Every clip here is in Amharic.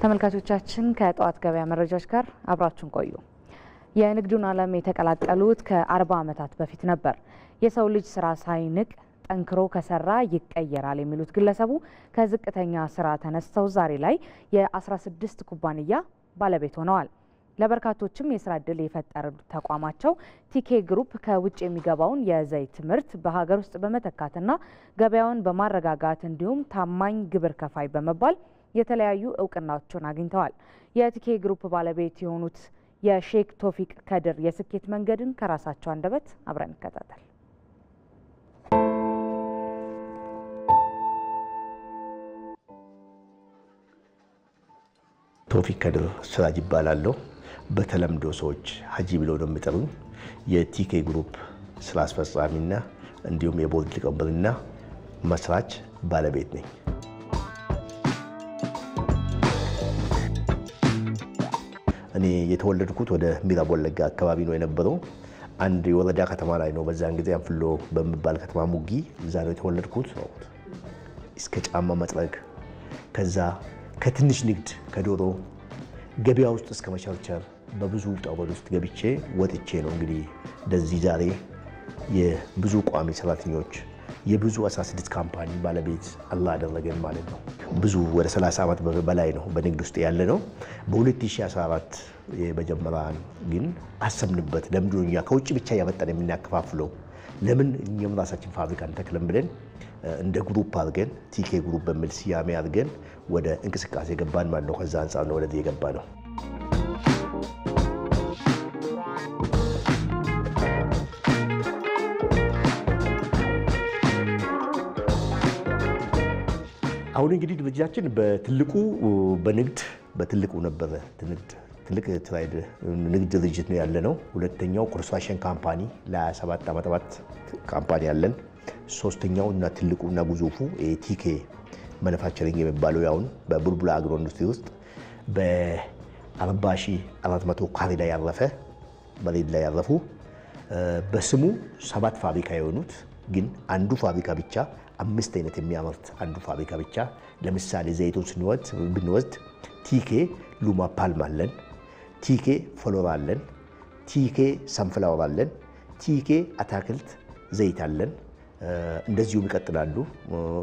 ተመልካቾቻችን ከጠዋት ገበያ መረጃዎች ጋር አብራችሁን ቆዩ። የንግዱን ዓለም የተቀላቀሉት ከአርባ ዓመታት በፊት ነበር። የሰው ልጅ ስራ ሳይንቅ ጠንክሮ ከሰራ ይቀየራል የሚሉት ግለሰቡ ከዝቅተኛ ስራ ተነስተው ዛሬ ላይ የ16 ኩባንያ ባለቤት ሆነዋል። ለበርካቶችም የስራ ዕድል የፈጠረ ተቋማቸው ቲኬ ግሩፕ ከውጭ የሚገባውን የዘይት ምርት በሀገር ውስጥ በመተካትና ገበያውን በማረጋጋት እንዲሁም ታማኝ ግብር ከፋይ በመባል የተለያዩ እውቅናዎችን አግኝተዋል። የቲኬ ግሩፕ ባለቤት የሆኑት የሼክ ቶፊቅ ከድር የስኬት መንገድን ከራሳቸው አንደበት አብረን እንከታተል። ቶፊቅ ከድር ስራጅ ይባላለሁ። በተለምዶ ሰዎች ሀጂ ብለው ነው የሚጠሩኝ። የቲኬ ግሩፕ ስራ አስፈጻሚና እንዲሁም የቦርድ ሊቀመንበርና መስራች ባለቤት ነኝ። እኔ የተወለድኩት ወደ ምዕራብ ወለጋ አካባቢ ነው የነበረው። አንድ የወረዳ ከተማ ላይ ነው። በዛን ጊዜ አንፍሎ በሚባል ከተማ ሙጊ፣ እዛ ነው የተወለድኩት። እስከ ጫማ መጥረግ፣ ከዛ ከትንሽ ንግድ ከዶሮ ገበያ ውስጥ እስከ መቸርቸር በብዙ ውጣ ውስጥ ገብቼ ወጥቼ ነው እንግዲህ እንደዚህ ዛሬ የብዙ ቋሚ ሰራተኞች የብዙ 16 ካምፓኒ ባለቤት አላ አደረገን ማለት ነው። ብዙ ወደ 30 ዓመት በላይ ነው በንግድ ውስጥ ያለ ነው። በ2014 የመጀመሪያን ግን አሰብንበት። ለምንድን ነው እኛ ከውጭ ብቻ እያመጣን የምናከፋፍለው? ለምን እኛም ራሳችን ፋብሪካ እንተክለን ብለን እንደ ግሩፕ አድርገን ቲኬ ግሩፕ በሚል ስያሜ አድርገን ወደ እንቅስቃሴ ገባን ማለት ነው። ከዛ አንጻር ነው ወደዚህ የገባ ነው። አሁን እንግዲህ ድርጅታችን በትልቁ በንግድ በትልቁ ነበበ ንግድ ትልቅ ትራይድ ንግድ ድርጅት ነው ያለ ነው። ሁለተኛው ኮንስትራክሽን ካምፓኒ ለ27 ዓመታት ካምፓኒ ያለን። ሶስተኛው እና ትልቁ እና ግዙፉ ቲኬ ማኑፋክቸሪንግ የሚባለው ያሁን በቡልቡላ አግሮ ኢንዱስትሪ ውስጥ በ40 ሺህ 400 ካሬ ላይ ያረፈ መሬት ላይ ያረፉ በስሙ ሰባት ፋብሪካ የሆኑት ግን አንዱ ፋብሪካ ብቻ አምስት አይነት የሚያመርት አንዱ ፋብሪካ ብቻ። ለምሳሌ ዘይቱን ብንወስድ ቲኬ ሉማ ፓልም አለን፣ ቲኬ ፎሎራ አለን፣ ቲኬ ሰንፍላወር አለን፣ ቲኬ አታክልት ዘይት አለን። እንደዚሁም ይቀጥላሉ።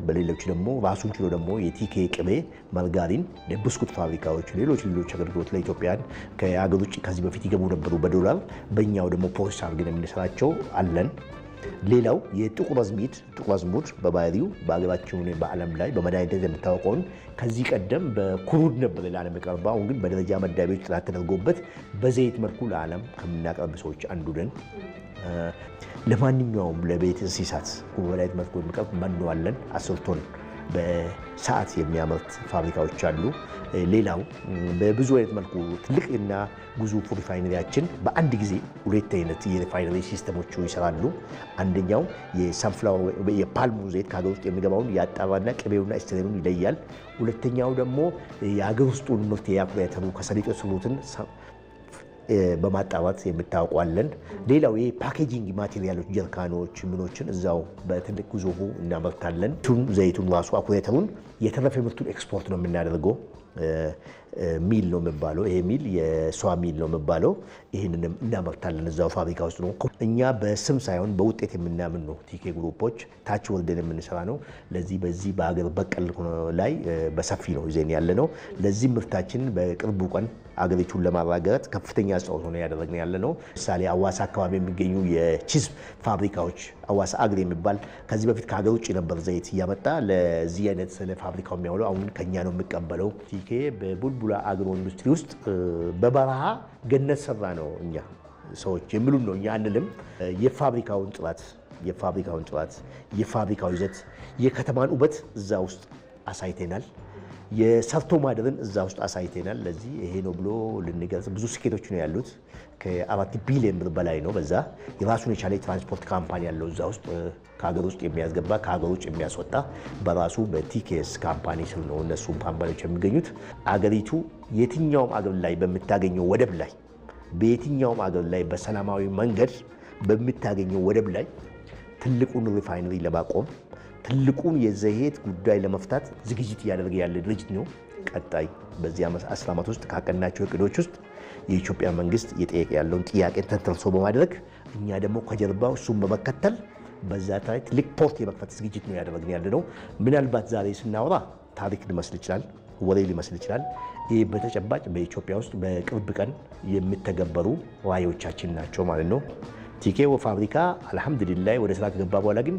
በሌሎች ደግሞ ራሱን ችሎ ደግሞ የቲኬ ቅቤ፣ ማርጋሪን፣ የብስኩት ፋብሪካዎች፣ ሌሎች ሌሎች አገልግሎት ለኢትዮጵያን ከአገር ውጭ ከዚህ በፊት ይገቡ ነበሩ በዶላር በእኛው ደግሞ ፖስት አርግን የምንሰራቸው አለን። ሌላው የጥቁር አዝሙድ ጥቁር አዝሙድ በባህሪው በአገራችን በዓለም ላይ በመድኃኒትነት የምታወቀውን ከዚህ ቀደም በኩሩድ ነበር ለዓለም የቀርባ። አሁን ግን በደረጃ መዳቢዎች ጥናት ተደርጎበት በዘይት መልኩ ለዓለም ከምናቀርብ ሰዎች አንዱ ነን። ለማንኛውም ለቤት እንስሳት መድኃኒት መልኩ የሚቀርብ መኖ አለን አስርቶን በሰዓት የሚያመርት ፋብሪካዎች አሉ። ሌላው በብዙ አይነት መልኩ ትልቅና ግዙፍ ሪፋይነሪያችን በአንድ ጊዜ ሁለት አይነት የሪፋይነሪ ሲስተሞች ይሰራሉ። አንደኛው የፓልሙ ዘይት ከሀገር ውስጥ የሚገባውን የአጣባና ቅቤውና ስትሬኑን ይለያል። ሁለተኛው ደግሞ የሀገር ውስጡን ምርት የአኩሪ አተሩ ከሰሊጥ የሰሩትን በማጣባት የምታውቋለን። ሌላው ይህ ፓኬጂንግ ማቴሪያሎች ጀርካኖች፣ ምኖችን እዛው በትልቅ ጉዞ እናመርታለን። ቱን ዘይቱን ራሱ አኩሬተሩን የተረፈ ምርቱን ኤክስፖርት ነው የምናደርገው። ሚል ነው የሚባለው ይሄ ሚል የሷ ሚል ነው የሚባለው። ይህንንም እናመርታለን እዛው ፋብሪካ ውስጥ ነው። እኛ በስም ሳይሆን በውጤት የምናምን ነው። ቲኬ ግሩፖች ታች ወርደን የምንሰራ ነው። ለዚህ በዚህ በሀገር በቀል ላይ በሰፊ ነው ይዘን ያለ ነው። ለዚህ ምርታችን በቅርቡ ቀን አገሪቱን ለማረጋጋት ከፍተኛ አስተዋጽኦ ነው ያደረግን ያለ ነው። ምሳሌ አዋሳ አካባቢ የሚገኙ የቺዝ ፋብሪካዎች አዋሳ አግሪ የሚባል ከዚህ በፊት ከሀገር ውጭ ነበር ዘይት እያመጣ ለዚህ አይነት ለፋብሪካው የሚያውለው አሁን ከኛ ነው የሚቀበለው። ቲኬ በቡልቡላ አግሮ ኢንዱስትሪ ውስጥ በበረሃ ገነት ሰራ ነው እኛ ሰዎች የሚሉን ነው እኛ አንልም። የፋብሪካውን ጥራት የፋብሪካውን ጥራት የፋብሪካው ይዘት የከተማን ውበት እዛ ውስጥ አሳይተናል። የሰርቶ ማደርን እዛ ውስጥ አሳይተናል። ለዚህ ይሄ ነው ብሎ ልንገልጽ ብዙ ስኬቶች ነው ያሉት። ከአራት ቢሊዮን ብር በላይ ነው። በዛ የራሱን የቻለ የትራንስፖርት ካምፓኒ ያለው እዛ ውስጥ ከሀገር ውስጥ የሚያስገባ ከሀገር ውጭ የሚያስወጣ በራሱ በቲኬስ ካምፓኒ ስር ነው እነሱም ካምፓኒዎች የሚገኙት። አገሪቱ የትኛውም አገር ላይ በምታገኘው ወደብ ላይ በየትኛውም አገር ላይ በሰላማዊ መንገድ በምታገኘው ወደብ ላይ ትልቁን ሪፋይነሪ ለማቆም ትልቁን የዘሄት ጉዳይ ለመፍታት ዝግጅት እያደረገ ያለ ድርጅት ነው። ቀጣይ በዚህ አስር ዓመት ውስጥ ካቀናቸው እቅዶች ውስጥ የኢትዮጵያ መንግስት እየጠየቀ ያለውን ጥያቄ ተንተርሶ በማድረግ እኛ ደግሞ ከጀርባው እሱን በመከተል በዛ ታይ ትልቅ ፖርት የመክፈት ዝግጅት ነው ያደረግን ያለ ነው። ምናልባት ዛሬ ስናወራ ታሪክ ሊመስል ይችላል፣ ወሬ ሊመስል ይችላል። ይህ በተጨባጭ በኢትዮጵያ ውስጥ በቅርብ ቀን የሚተገበሩ ራዕዮቻችን ናቸው ማለት ነው። ቲኬ ፋብሪካ አልሐምዱሊላህ ወደ ስራ ከገባ በኋላ ግን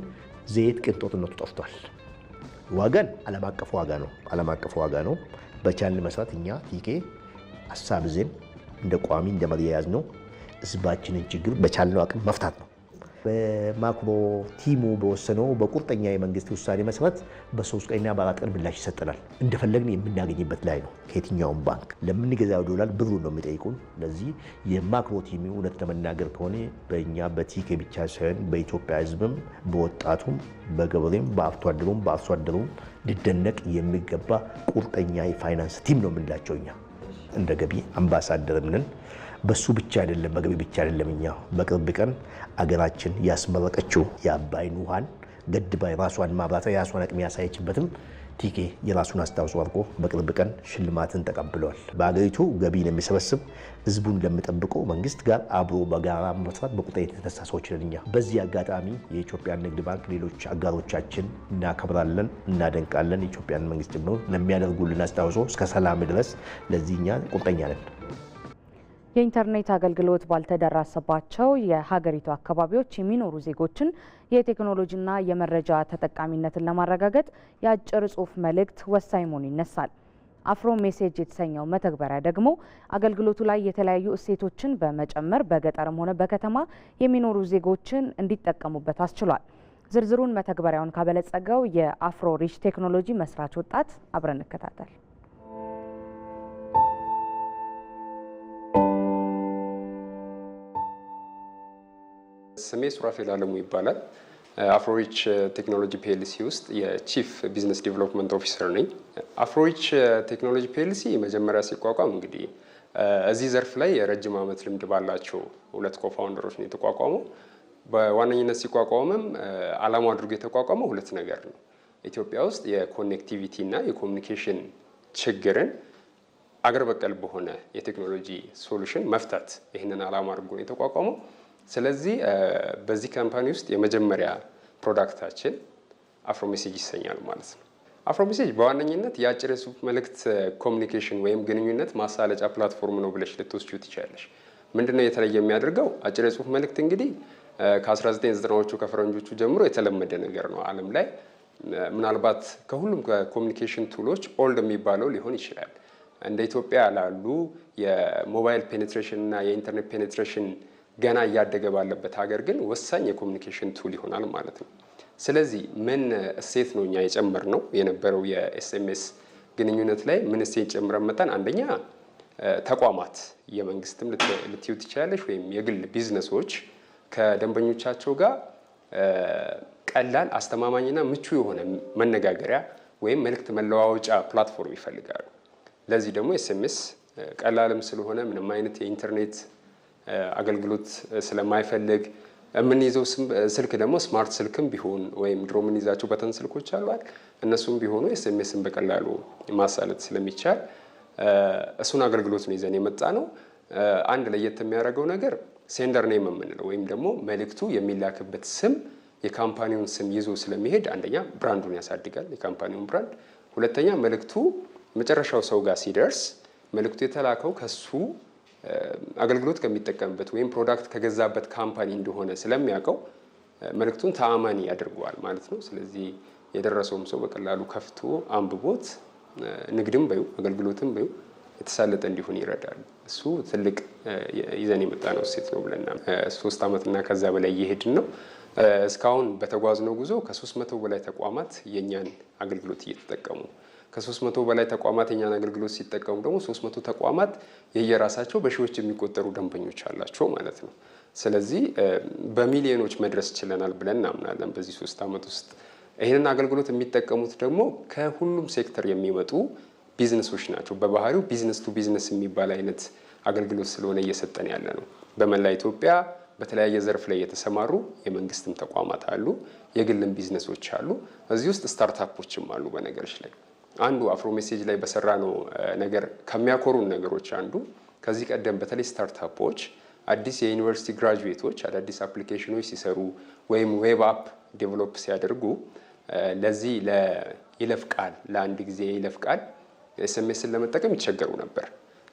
ዘይት ቅንጦትነቱ ጠፍቷል። ዋጋን ዓለም አቀፍ ዋጋ ነው፣ ዓለም አቀፍ ዋጋ ነው። በቻልን መስራት እኛ ቲኬ ሀሳብ ይዘን እንደ ቋሚ እንደ መያያዝ ነው ህዝባችንን ችግር በቻልነው አቅም መፍታት ነው። በማክሮ ቲሙ በወሰነው በቁርጠኛ የመንግስት ውሳኔ መሰረት በሶስት ቀንና በአራት ቀን ምላሽ ይሰጠናል። እንደፈለግን የምናገኝበት ላይ ነው። ከየትኛውም ባንክ ለምንገዛው ዶላር ብሩ ነው የሚጠይቁን። ለዚህ የማክሮ ቲሙ እውነት ለመናገር ከሆነ በእኛ በቲኬ ብቻ ሳይሆን በኢትዮጵያ ህዝብም፣ በወጣቱም በገበሬም በአርቶ አደሩም በአርሶ አደሩም ሊደነቅ የሚገባ ቁርጠኛ የፋይናንስ ቲም ነው የምንላቸው እኛ እንደ ገቢ አምባሳደር ምንን በሱ ብቻ አይደለም፣ በገቢ ብቻ አይደለም። እኛ በቅርብ ቀን አገራችን ያስመረቀችው የአባይን ውሃን ገድባ የራሷን ማብራት የራሷን አቅም ያሳየችበትም ቲኬ የራሱን አስተዋጽኦ አድርጎ በቅርብ ቀን ሽልማትን ተቀብለዋል። በአገሪቱ ገቢን የሚሰበስብ ህዝቡን ለሚጠብቀው መንግስት ጋር አብሮ በጋራ መስራት በቁጣ የተነሳ ሰዎች ነን እኛ። በዚህ አጋጣሚ የኢትዮጵያ ንግድ ባንክ፣ ሌሎች አጋሮቻችን እናከብራለን፣ እናደንቃለን። የኢትዮጵያን መንግስት ጭምር ለሚያደርጉልን አስተዋጽኦ እስከ ሰላም ድረስ ለዚህ እኛ ቁርጠኛ ነን። የኢንተርኔት አገልግሎት ባልተደራሰባቸው የሀገሪቱ አካባቢዎች የሚኖሩ ዜጎችን የቴክኖሎጂና የመረጃ ተጠቃሚነትን ለማረጋገጥ የአጭር ጽሁፍ መልእክት ወሳኝ መሆኑ ይነሳል። አፍሮ ሜሴጅ የተሰኘው መተግበሪያ ደግሞ አገልግሎቱ ላይ የተለያዩ እሴቶችን በመጨመር በገጠርም ሆነ በከተማ የሚኖሩ ዜጎችን እንዲጠቀሙበት አስችሏል። ዝርዝሩን መተግበሪያውን ካበለጸገው የአፍሮ ሪች ቴክኖሎጂ መስራች ወጣት አብረን እንከታተል። ስሜ ሱራፌል አለሙ ይባላል። አፍሮሪች ቴክኖሎጂ ፒኤልሲ ውስጥ የቺፍ ቢዝነስ ዲቨሎፕመንት ኦፊሰር ነኝ። አፍሮሪች ቴክኖሎጂ ፒኤልሲ መጀመሪያ ሲቋቋም እንግዲህ uh, እዚህ ዘርፍ ላይ የረጅም ዓመት ልምድ ባላቸው ሁለት ኮፋውንደሮች ነው የተቋቋመው። በዋነኝነት ሲቋቋምም ዓላማ uh, አድርጎ የተቋቋመው ሁለት ነገር ነው። ኢትዮጵያ ውስጥ የኮኔክቲቪቲ እና የኮሚኒኬሽን ችግርን አገር በቀል በሆነ የቴክኖሎጂ ሶሉሽን መፍታት፣ ይህንን ዓላማ አድርጎ ነው የተቋቋመው። ስለዚህ በዚህ ካምፓኒ ውስጥ የመጀመሪያ ፕሮዳክታችን አፍሮ ሜሴጅ ይሰኛል ማለት ነው። አፍሮ ሜሴጅ በዋነኝነት የአጭር የጽሁፍ መልእክት ኮሚኒኬሽን ወይም ግንኙነት ማሳለጫ ፕላትፎርም ነው ብለሽ ልትወስጂው ትችላለሽ። ምንድነው የተለየ የሚያደርገው? አጭር የጽሁፍ መልእክት እንግዲህ ከ1990ዎቹ ከፈረንጆቹ ጀምሮ የተለመደ ነገር ነው ዓለም ላይ ምናልባት ከሁሉም ከኮሚኒኬሽን ቱሎች ኦልድ የሚባለው ሊሆን ይችላል። እንደ ኢትዮጵያ ላሉ የሞባይል ፔኔትሬሽን እና የኢንተርኔት ፔኔትሬሽን ገና እያደገ ባለበት ሀገር ግን ወሳኝ የኮሚኒኬሽን ቱል ይሆናል ማለት ነው። ስለዚህ ምን እሴት ነው እኛ የጨመር ነው የነበረው የኤስኤምኤስ ግንኙነት ላይ ምን እሴት ጨምረን መጣን? አንደኛ ተቋማት የመንግስትም ልትዩ ትችላለች ወይም የግል ቢዝነሶች ከደንበኞቻቸው ጋር ቀላል አስተማማኝና ምቹ የሆነ መነጋገሪያ ወይም መልእክት መለዋወጫ ፕላትፎርም ይፈልጋሉ። ለዚህ ደግሞ ኤስኤምኤስ ቀላልም ስለሆነ ምንም አይነት የኢንተርኔት አገልግሎት ስለማይፈልግ የምንይዘው ስልክ ደግሞ ስማርት ስልክም ቢሆን ወይም ድሮ የምንይዛቸው በተን ስልኮች አሏል እነሱም ቢሆኑ ኤስኤምኤስን በቀላሉ ማሳለጥ ስለሚቻል እሱን አገልግሎት ነው ይዘን የመጣ ነው። አንድ ለየት የሚያደርገው ነገር ሴንደር ኔም የምንለው ወይም ደግሞ መልእክቱ የሚላክበት ስም የካምፓኒውን ስም ይዞ ስለሚሄድ አንደኛ ብራንዱን ያሳድጋል፣ የካምፓኒውን ብራንድ፣ ሁለተኛ መልእክቱ መጨረሻው ሰው ጋር ሲደርስ መልእክቱ የተላከው ከሱ አገልግሎት ከሚጠቀምበት ወይም ፕሮዳክት ከገዛበት ካምፓኒ እንደሆነ ስለሚያውቀው መልእክቱን ተአማኒ ያደርገዋል ማለት ነው። ስለዚህ የደረሰውም ሰው በቀላሉ ከፍቶ አንብቦት ንግድም በዩ አገልግሎትም በዩ የተሳለጠ እንዲሆን ይረዳል። እሱ ትልቅ ይዘን የመጣነው እሴት ነው ብለና ሶስት ዓመትና ከዛ በላይ እየሄድን ነው። እስካሁን በተጓዝነው ጉዞ ከሶስት መቶ በላይ ተቋማት የእኛን አገልግሎት እየተጠቀሙ ከሶስት መቶ በላይ ተቋማት የኛን አገልግሎት ሲጠቀሙ ደግሞ ሶስት መቶ ተቋማት የየራሳቸው በሺዎች የሚቆጠሩ ደንበኞች አላቸው ማለት ነው። ስለዚህ በሚሊዮኖች መድረስ ችለናል ብለን እናምናለን በዚህ ሶስት ዓመት ውስጥ። ይህንን አገልግሎት የሚጠቀሙት ደግሞ ከሁሉም ሴክተር የሚመጡ ቢዝነሶች ናቸው። በባህሪው ቢዝነስ ቱ ቢዝነስ የሚባል አይነት አገልግሎት ስለሆነ እየሰጠን ያለ ነው። በመላ ኢትዮጵያ በተለያየ ዘርፍ ላይ የተሰማሩ የመንግስትም ተቋማት አሉ፣ የግልም ቢዝነሶች አሉ። እዚህ ውስጥ ስታርታፖችም አሉ በነገሮች ላይ አንዱ አፍሮ ሜሴጅ ላይ በሰራ ነው ነገር ከሚያኮሩን ነገሮች አንዱ ከዚህ ቀደም በተለይ ስታርታፖች አዲስ የዩኒቨርሲቲ ግራጁዌቶች አዳዲስ አፕሊኬሽኖች ሲሰሩ ወይም ዌብ አፕ ዴቨሎፕ ሲያደርጉ ለዚህ ለይለፍ ቃል ለአንድ ጊዜ የይለፍ ቃል ኤስኤምኤስን ለመጠቀም ይቸገሩ ነበር።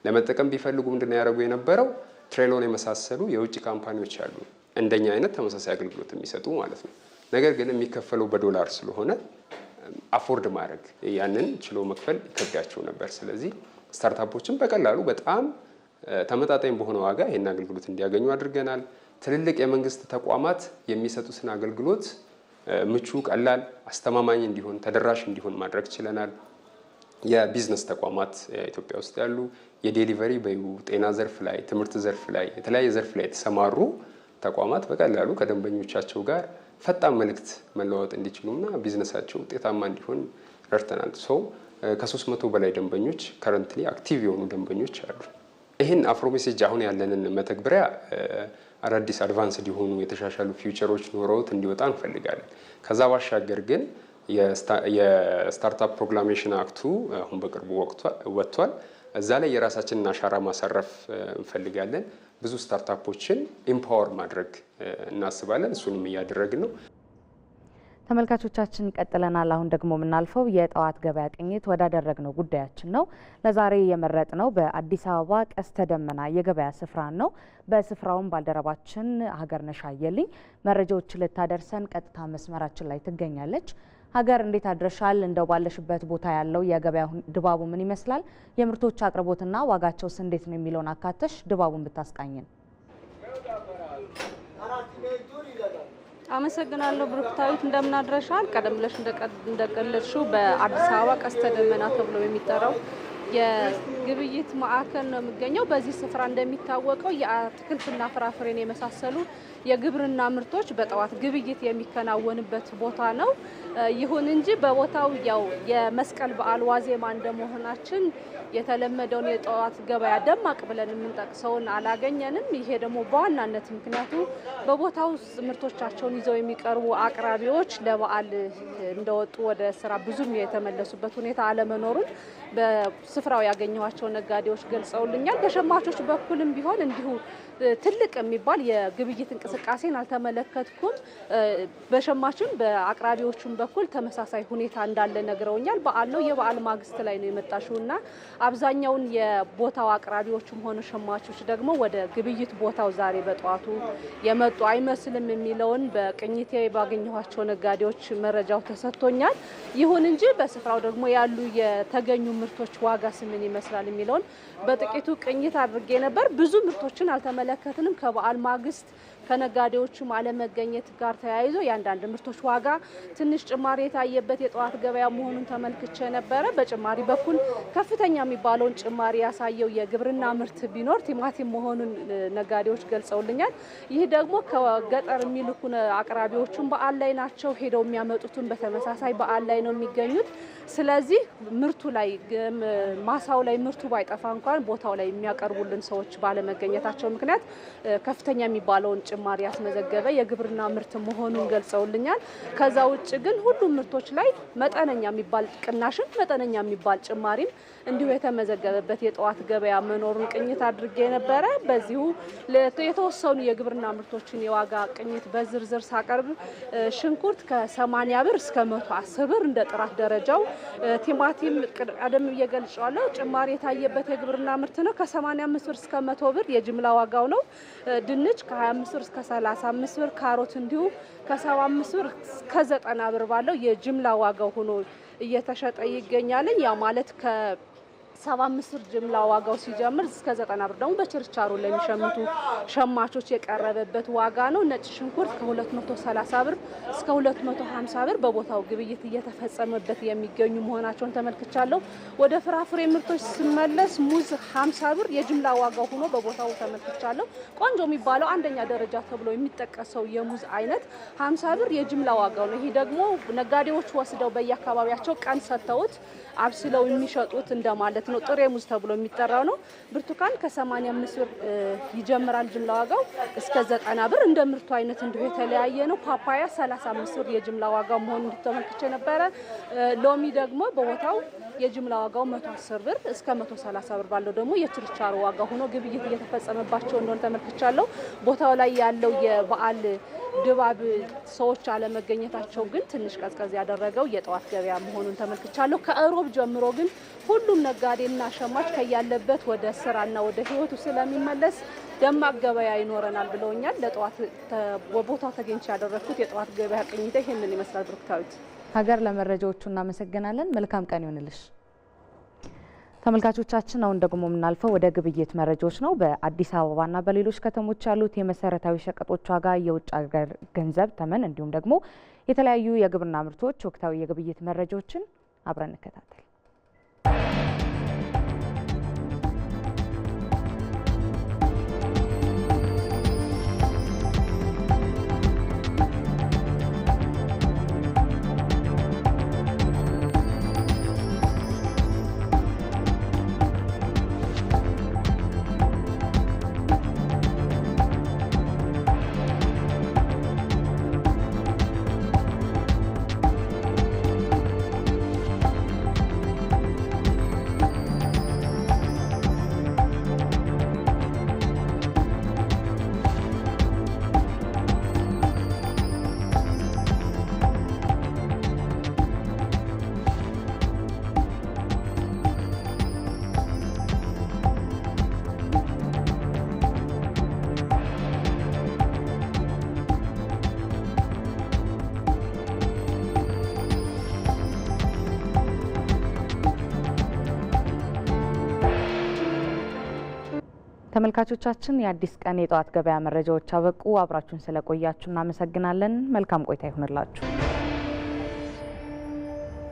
ለመጠቀም ቢፈልጉ ምንድነው ያደረጉ የነበረው? ትሬሎን የመሳሰሉ የውጭ ካምፓኒዎች አሉ፣ እንደኛ አይነት ተመሳሳይ አገልግሎት የሚሰጡ ማለት ነው። ነገር ግን የሚከፈለው በዶላር ስለሆነ አፎርድ ማድረግ ያንን ችሎ መክፈል ይከብዳቸው ነበር። ስለዚህ ስታርታፖችን በቀላሉ በጣም ተመጣጣኝ በሆነ ዋጋ ይህን አገልግሎት እንዲያገኙ አድርገናል። ትልልቅ የመንግስት ተቋማት የሚሰጡትን አገልግሎት ምቹ፣ ቀላል፣ አስተማማኝ እንዲሆን ተደራሽ እንዲሆን ማድረግ ችለናል። የቢዝነስ ተቋማት ኢትዮጵያ ውስጥ ያሉ የዴሊቨሪ በዩ ጤና ዘርፍ ላይ፣ ትምህርት ዘርፍ ላይ፣ የተለያየ ዘርፍ ላይ የተሰማሩ ተቋማት በቀላሉ ከደንበኞቻቸው ጋር ፈጣን መልእክት መለዋወጥ እንዲችሉ ና ቢዝነሳቸው ውጤታማ እንዲሆን ረድተናል። ሰው ከሶስት መቶ በላይ ደንበኞች ከረንትሊ አክቲቭ የሆኑ ደንበኞች አሉ። ይህን አፍሮ ሜሴጅ አሁን ያለንን መተግበሪያ አዳዲስ አድቫንስ እንዲሆኑ የተሻሻሉ ፊውቸሮች ኖረውት እንዲወጣ እንፈልጋለን። ከዛ ባሻገር ግን የስታርታፕ ፕሮክላሜሽን አክቱ አሁን በቅርቡ ወጥቷል። እዛ ላይ የራሳችንን አሻራ ማሳረፍ እንፈልጋለን። ብዙ ስታርታፖችን ኤምፓወር ማድረግ እናስባለን። እሱንም እያደረግን ነው። ተመልካቾቻችን ቀጥለናል። አሁን ደግሞ የምናልፈው የጠዋት ገበያ ቅኝት ወዳደረግነው ጉዳያችን ነው። ለዛሬ የመረጥ ነው በአዲስ አበባ ቀስተ ደመና የገበያ ስፍራ ነው። በስፍራውም ባልደረባችን ሀገር ነሻየልኝ መረጃዎችን ልታደርሰን ቀጥታ መስመራችን ላይ ትገኛለች። ሀገር እንዴት አድረሻል? እንደው ባለሽበት ቦታ ያለው የገበያ ድባቡ ምን ይመስላል? የምርቶች አቅርቦትና ዋጋቸውስ እንዴት ነው የሚለውን አካተሽ ድባቡን ብታስቃኝን። አመሰግናለሁ ብሩክታዊት፣ እንደምን አድረሻል? ቀደም ብለሽ እንደገለጽሽው በአዲስ አበባ ቀስተ ደመና ተብሎ የሚጠራው የግብይት ማዕከል ነው የሚገኘው። በዚህ ስፍራ እንደሚታወቀው የአትክልትና ፍራፍሬን የመሳሰሉ የግብርና ምርቶች በጠዋት ግብይት የሚከናወንበት ቦታ ነው። ይሁን እንጂ በቦታው ያው የመስቀል በዓል ዋዜማ እንደመሆናችን የተለመደውን የጠዋት ገበያ ደማቅ ብለን የምንጠቅሰውን አላገኘንም። ይሄ ደግሞ በዋናነት ምክንያቱ በቦታው ምርቶቻቸውን ይዘው የሚቀርቡ አቅራቢዎች ለበዓል እንደወጡ ወደ ስራ ብዙም የተመለሱበት ሁኔታ አለመኖሩን በስፍራው ያገኘኋቸው ነጋዴዎች ገልጸውልኛል። በሸማቾች በኩልም ቢሆን እንዲሁ ትልቅ የሚባል የግብይት እንቅስቃሴ እንቅስቃሴን አልተመለከትኩም። በሸማችን በአቅራቢዎቹም በኩል ተመሳሳይ ሁኔታ እንዳለ ነግረውኛል። በዓል ነው፣ የበዓል ማግስት ላይ ነው የመጣሽው እና አብዛኛውን የቦታው አቅራቢዎቹም ሆነ ሸማቾች ደግሞ ወደ ግብይት ቦታው ዛሬ በጠዋቱ የመጡ አይመስልም የሚለውን በቅኝቴ ባገኘኋቸው ነጋዴዎች መረጃው ተሰጥቶኛል። ይሁን እንጂ በስፍራው ደግሞ ያሉ የተገኙ ምርቶች ዋጋ ስምን ይመስላል የሚለውን በጥቂቱ ቅኝት አድርጌ ነበር። ብዙ ምርቶችን አልተመለከትንም። ከበዓል ማግስት ከነጋዴዎቹ አለመገኘት ጋር ተያይዞ የአንዳንድ ምርቶች ዋጋ ትንሽ ጭማሪ የታየበት የጠዋት ገበያ መሆኑን ተመልክቼ ነበረ። በጭማሪ በኩል ከፍተኛ የሚባለውን ጭማሪ ያሳየው የግብርና ምርት ቢኖር ቲማቲም መሆኑን ነጋዴዎች ገልጸውልኛል። ይህ ደግሞ ከገጠር የሚልኩ አቅራቢዎቹን በዓል ላይ ናቸው፣ ሄደው የሚያመጡትን በተመሳሳይ በዓል ላይ ነው የሚገኙት። ስለዚህ ምርቱ ላይ ማሳው ላይ ምርቱ ባይጠፋ እንኳን ቦታው ላይ የሚያቀርቡልን ሰዎች ባለመገኘታቸው ምክንያት ከፍተኛ የሚባለውን ጭ ጭማሪ ያስመዘገበ የግብርና ምርት መሆኑን ገልጸውልኛል። ከዛ ውጭ ግን ሁሉም ምርቶች ላይ መጠነኛ የሚባል ቅናሽም መጠነኛ የሚባል ጭማሪም እንዲሁ የተመዘገበበት የጠዋት ገበያ መኖሩን ቅኝት አድርጌ ነበረ። በዚሁ የተወሰኑ የግብርና ምርቶችን የዋጋ ቅኝት በዝርዝር ሳቀርብ ሽንኩርት ከ80 ብር እስከ 110 ብር እንደ ጥራት ደረጃው፣ ቲማቲም ቀደም ብዬ ጭማሪ የታየበት የግብርና ምርት ነው። ከ85 ብር እስከ 100 ብር የጅምላ ዋጋው ነው። ድንች ከ25 ብር እስከ 35 ብር፣ ካሮት እንዲሁ ከ75 ብር እስከ 90 ብር ባለው የጅምላ ዋጋው ሆኖ እየተሸጠ ይገኛል። ያ ማለት ከ ሰባ አምስት ብር ጅምላ ዋጋው ሲጀምር እስከ ዘጠና ብር ደግሞ በችርቻሮ ለሚሸምቱ ሸማቾች የቀረበበት ዋጋ ነው። ነጭ ሽንኩርት ከ230 ብር እስከ 250 ብር በቦታው ግብይት እየተፈጸመበት የሚገኙ መሆናቸውን ተመልክቻለሁ። ወደ ፍራፍሬ ምርቶች ስመለስ ሙዝ 50 ብር የጅምላ ዋጋው ሆኖ በቦታው ተመልክቻለሁ። ቆንጆ የሚባለው አንደኛ ደረጃ ተብሎ የሚጠቀሰው የሙዝ አይነት 50 ብር የጅምላ ዋጋው ነው። ይሄ ደግሞ ነጋዴዎች ወስደው በየአካባቢያቸው ቀን ሰጥተውት አብስለው የሚሸጡት እንደማለት ነው ጥሬ ሙዝ ተብሎ የሚጠራው ነው። ብርቱካን ከ85 ብር ይጀምራል ጅምላ ዋጋው እስከ 90 ብር እንደ ምርቱ አይነት እንዲሁ የተለያየ ነው። ፓፓያ 35 ብር የጅምላ ዋጋው መሆኑን እንድተመልክቼ ነበረ። ሎሚ ደግሞ በቦታው የጅምላ ዋጋው 110 ብር እስከ 130 ብር ባለው ደግሞ የችርቻሮ ዋጋ ሆኖ ግብይት እየተፈጸመባቸው እንደሆነ ተመልክቻለሁ። ቦታው ላይ ያለው የበዓል ድባብ ሰዎች አለመገኘታቸው ግን ትንሽ ቀዝቀዝ ያደረገው የጠዋት ገበያ መሆኑን ተመልክቻለሁ። ከእሮብ ጀምሮ ግን ሁሉም ነጋዴና ሸማች ከያለበት ወደ ስራና ወደ ህይወቱ ስለሚመለስ ደማቅ ገበያ ይኖረናል ብለውኛል። ለጠዋት በቦታው ተገኝቼ ያደረግኩት የጠዋት ገበያ ቅኝታ ይህንን ይመስላል። ብርክታዊት ሀገር ለመረጃዎቹ እናመሰግናለን። መልካም ቀን ይሆንልሽ። ተመልካቾቻችን አሁን ደግሞ የምናልፈው ወደ ግብይት መረጃዎች ነው። በአዲስ አበባና በሌሎች ከተሞች ያሉት የመሰረታዊ ሸቀጦች ዋጋ፣ የውጭ ሀገር ገንዘብ ተመን እንዲሁም ደግሞ የተለያዩ የግብርና ምርቶች ወቅታዊ የግብይት መረጃዎችን አብረን እንከታተል። ተመልካቾቻችን የአዲስ ቀን የጠዋት ገበያ መረጃዎች አበቁ። አብራችሁን ስለቆያችሁ እናመሰግናለን። መልካም ቆይታ ይሁንላችሁ።